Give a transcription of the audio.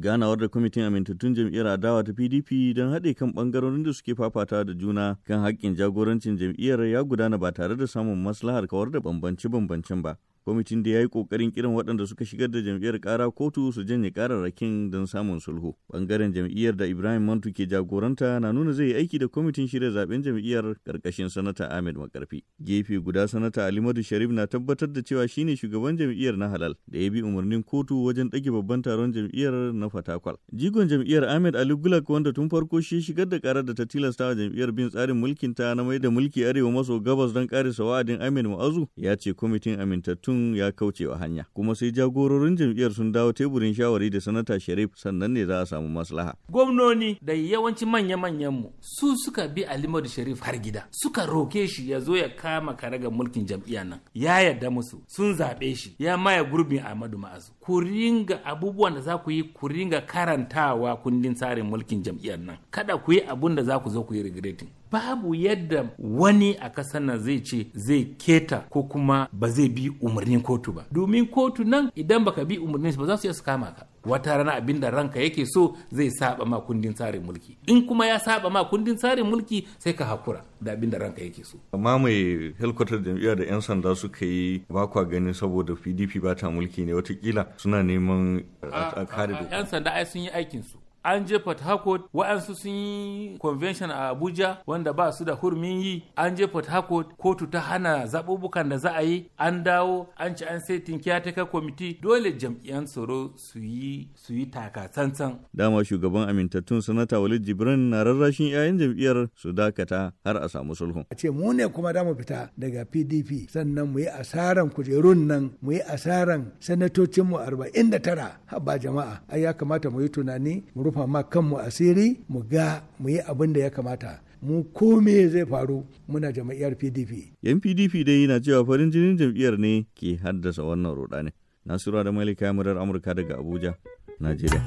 ganawar da kwamitin amintattun jam'iyyar adawa ta pdp don haɗe kan ɓangarorin da suke fafata da juna kan haƙƙin jagorancin jam'iyyar ya gudana ba tare da samun maslahar kawar da bambance-bambancen ba kwamitin da ya yi kokarin kiran waɗanda suka shigar da jam'iyyar kara kotu su janye kararrakin don samun sulhu bangaren jam'iyyar da ibrahim mantu ke jagoranta na nuna zai yi aiki da kwamitin shirya zaben jam'iyyar karkashin sanata ahmed makarfi gefe guda sanata alimadu sharif na tabbatar da cewa shine shugaban jam'iyyar na halal da ya bi umarnin kotu wajen ɗage babban taron jam'iyyar na fatakwal jigon jam'iyyar ahmed ali gulak wanda tun farko shi shigar da karar da ta tilasta jam'iyyar bin tsarin mulkinta na mai da mulki arewa maso gabas don kare wa'adin ahmed mu'azu ya ce kwamitin amintattun ya ya wa hanya kuma sai jagororin jam'iyyar sun dawo teburin shawari da sanata sharif sannan ne za a samu maslaha gwamnoni da yawanci manya-manyan mu su suka bi alimadu sharif har gida suka roke shi ya zo ya kama karagar mulkin jam'iyyar nan ya yarda musu sun zaɓe shi ya maya gurbin ahmadu ma'azu ku ringa abubuwan da za ku yi ku ringa karantawa kundin tsarin mulkin jam'iyyar nan kada ku yi abun da za ku zo ku yi regretting babu yadda wani a ƙasar nan zai ce zai keta ko kuma ba zai bi umarnin kotu ba domin kotu nan idan baka bi umarnin ba za su iya su kama ka wata rana abin da ranka yake so zai saba ma kundin tsarin mulki in kuma ya saba ma kundin tsarin mulki sai ka hakura da abin da ranka yake so amma mai helkwatar jam'iyyar da yan sanda suka yi bakwa ganin gani saboda pdp ba ta mulki ne watakila suna neman a kare yan sanda ai sun yi aikin su an je port harcourt wa'ansu sun yi convention a abuja wanda ba su da hurumin yi an je port harcourt kotu ta hana zaɓuɓɓukan da za a yi an dawo an ci an sai kai kwamiti dole jam'iyyan tsaro su yi su yi taka tsantsan dama shugaban amintattun sanata walid jibrin na rarrashin 'ya'yan jam'iyyar su dakata har a samu sulhu. a ce mu ne kuma da mu fita daga pdp sannan mu yi asaran kujerun nan mu yi asaran sanatocinmu arba'in da tara ba jama'a ai ya kamata mu yi tunani mu rufe rufa ma kanmu asiri mu ga mu yi abin da ya kamata mu kome zai faru muna jam'iyyar pdp yan pdp dai na cewa farin jinin jam'iyyar ne ke haddasa wannan rudani nasura da malika murar amurka daga abuja najeriya